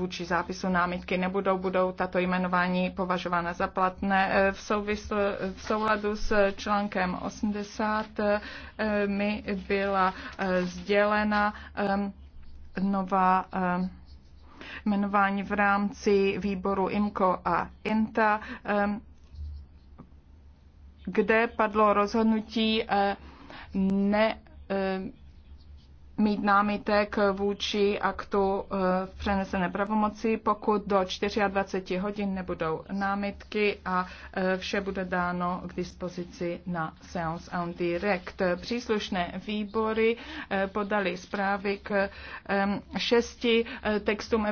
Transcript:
vůči zápisu námitky nebudou, budou tato jmenování považována za platné. Eh, v, souvisl, v souladu s článkem 80 eh, mi byla eh, sdělena nová jmenování v rámci výboru IMCO a INTA, kde padlo rozhodnutí ne mít námitek vůči aktu eh, v přenesené pravomoci, pokud do 24 hodin nebudou námitky a eh, vše bude dáno k dispozici na Seance on Direct. Příslušné výbory eh, podali zprávy k šesti textům Evropské